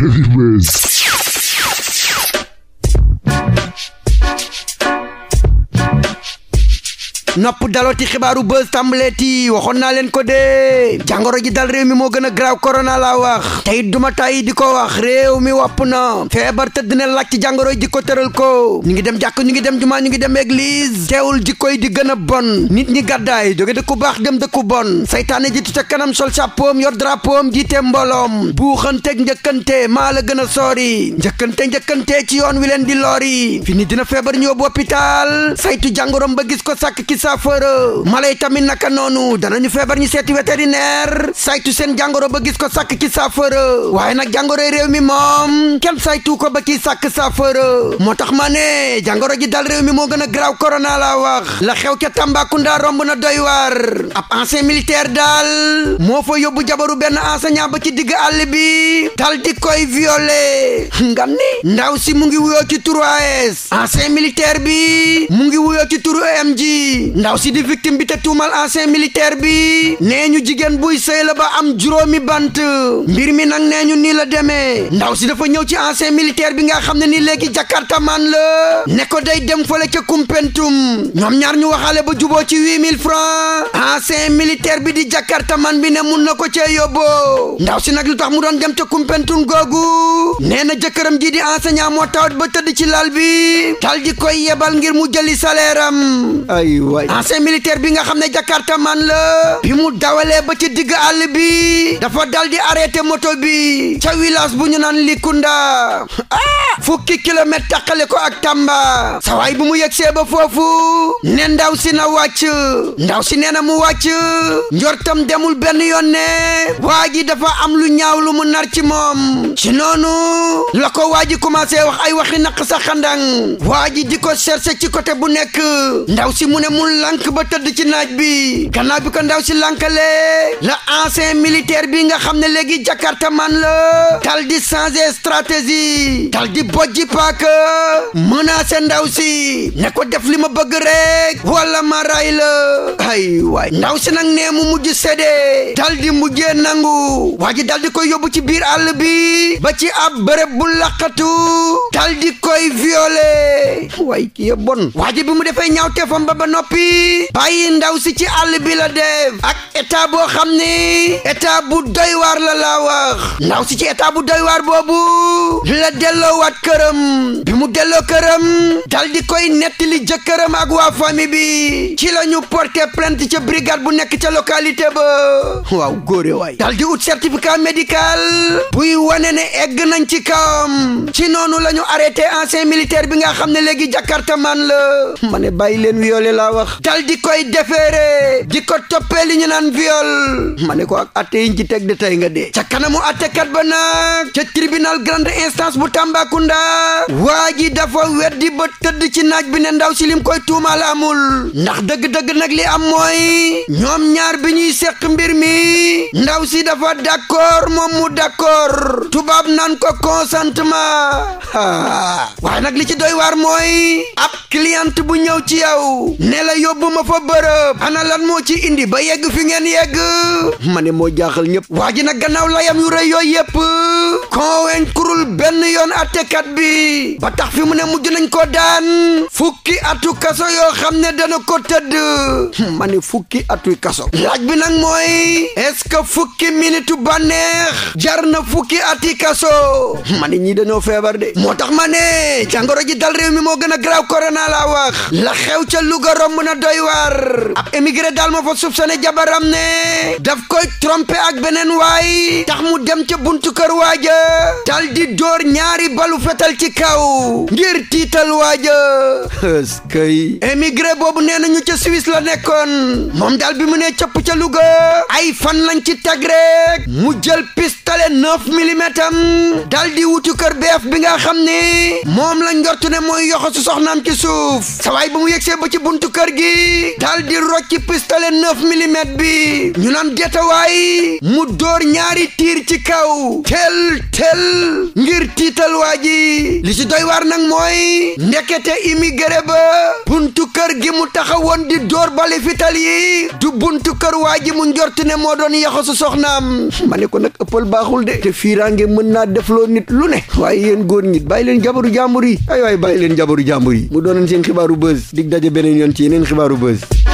Heavyweights. nopp dalooti xibaaru buzz tàmbaleeti waxoon naa leen ko dee jàngoro ji dal réew mi moo gën a graaw korona laa wax tey duma yi di ko wax réew mi wopp na feebar tëdd na laaj ci jàngoro ji ko tëral ko ñu ngi dem jàkk ñu ngi dem jumaa ñu ngi dem église teewul jikko yi di gën a bon nit ñi gàddaay jóge dëkku baax dem dëkku bon ji jiitu ca kanam sol sàppoom yor drapoom jiite mbooloom buuxanteeg njëkkante maa la gën a soori njëkkante njëkkante ci yoon wi leen di loori fi dina feebar ñu yóbbu hôpital saytu jàngoroom ba gis ko sàkk saafara mala yi tamit naka noonu danañu feebar ñu seeti vétérinaire saytu seen jàngoro ba gis ko sàkk ki saafara waaye nag jàngoro réew mi moom kenn saytu ko ba ci sàkk saafara moo tax ma ne jàngoro ji dal réew mi moo gën a graaw corona la wax la xew ca Tambacounda romb na doy waar ab ancien militaire daal moo fa yóbbu jabaru benn enseignant ba ci digg àll bi dal di koy violé ngam ni ndaw si mu ngi wuyoo ci turu AS ancien militaire bi mu ngi wuyoo ci turu EMG ndaw si di victime bi te tuumal ancien militaire bi nee ñu jigéen buy sëy ba am juróomi bant mbir mi nag nee ñu nii la demee ndaw si dafa ñëw ci ancien militaire bi nga xam ne nii léegi jakarta man la ne ko day dem fële ca kumpentum ñoom ñaar ñu waxaale ba juboo ci huit mille francs ancien militaire bi di jakarta man bi ne mun na ko cee yóbboo ndaw si nag lu tax mu doon dem ca kumpentum googu nee na jëkkëram jii di enseignant moo tawat ba tëdd ci lal bi dal di koy yebal ngir mu jëli salaire am waay ancien militaire bi nga xam ne jakarta man la bi mu dawalee ba ci digg àll bi dafa dal di arrêté moto bi ca village bu ñu naan Likunda ah fukki kilomètre taqale ko ak tàmba sawaay bu mu yegsee ba foofu ne ndaw si na wàcc ndaw si nee na mu wàcc njortam demul benn yoon ne ji dafa am lu ñaaw lu mu nar ci moom ci noonu la ko waa ji commencé wax ay waxi naq sa xandang waa ji di ko cherché ci côté bu nekk ndaw si mu ne mu lank ba tëdd ci naaj bi gannaaw bi ko ndaw si lànkale la ancien militaire bi nga xam ne léegi Jakarta man la dal di changer stratégie pojji paaka menacé ndaw si ne ko def li ma bëgg rek wala ma ray la ay waay ndaw si nag nee mu mujj sédee dal di mujjee nangu waa ji dal di koy yóbbu ci biir àll bi ba ci ab bërëb bu laqatu dal di koy violé waay kii bon waa ji bi mu defee ñaawte fam ba ba noppi bàyyi ndaw si ci àll bi la def ak état boo xam ni état bu doy waar la laa ndaw si ci état bu doy waar boobu la delloowaat këram bi mu delloo këram dal di koy nettali jëkkëram ak waa famille bi ci la ñu porté plainte ca brigade bu nekk ca localité ba waaw góore waay dal di ut certificat médical buy wane ne egg nañ ci kawam ci noonu lañu ñu arrêté ancien militaire bi nga xam ne léegi jakarta man la ma bay bàyyi leen violé la wax dal di koy defeere di ko toppee li ñu naan viol ma ne ko ak atte yiñ ci teg de tey nga dee ca kanamu attekat ba nag ca tribunal grande instance bu Tambacounda Kolda waa ji dafa weddi ba tëdd ci naaj bi ne ndaw si lim koy tuumaal amul ndax dëgg-dëgg nag li am mooy ñoom ñaar bi ñuy seq mbir mi ndaw si dafa d'accord moom mu d'accord tubaab naan ko ma waaye nag li ci doy waar mooy ab client bu ñëw ci yow ne la yóbbu ma fa bërëb ana lan moo ci indi ba yegg fi ngeen yegg ma ne moo jaaxal ñëpp waa ji nag gannaaw layam yu rëy yooyu yëpp konweñ kurul benn yoon attekat bi ba tax fi mu ne mujj nañ ko daan fukki atu kaso yoo xam ne dana ko tëdd ma ne fukki atuy kaso laaj mooy est-ce que fukki minitu bànneex jar na fukki ati kaso ma ne ñii dañoo feebar de moo tax ma ne jàngoro ji dal réew mi moo gën a graaw korona laa wax la xew ca Louga romb na doy waar ab émigré daal ma fa soupçonné jabaram ne daf koy trompé ak beneen waay mu dem ca buntu kër waaja dal di door ñaari balu fetal ci kaw ngir tiital waaja ëskëy boobu nee nañu ca Suisse la nekkoon moom daal bi mu nee cëpp ca Louga ay fan lañ ci teg mu jël piste installé neuf millimètres am dal di wutu kër beef bi nga xam ne moom la njortu ne mooy yoxo su soxnaam ci suuf sa waay ba mu yegsee ba ci buntu kër gi dal di rocci pistolet neuf millimètres bi ñu naan detawaay mu dóor ñaari tiir ci kaw tel tel ngir tiital waa ji li ci doy waar nag mooy ndekete immigré ba buntu kër gi mu taxawoon di dóor bali fital yi du buntu kër waa ji mu njortu ne moo doon yoxo su baaxul de te fiiraange mën naa defloo nit lu ne waaye yéen góor ñi bàyyi leen jabaru jàmbur yi ay waay bàyyi leen jabaru jàmbur yi mu doonoon seen xibaaru bës dig daje beneen yoon ci yeneen xibaaru buzz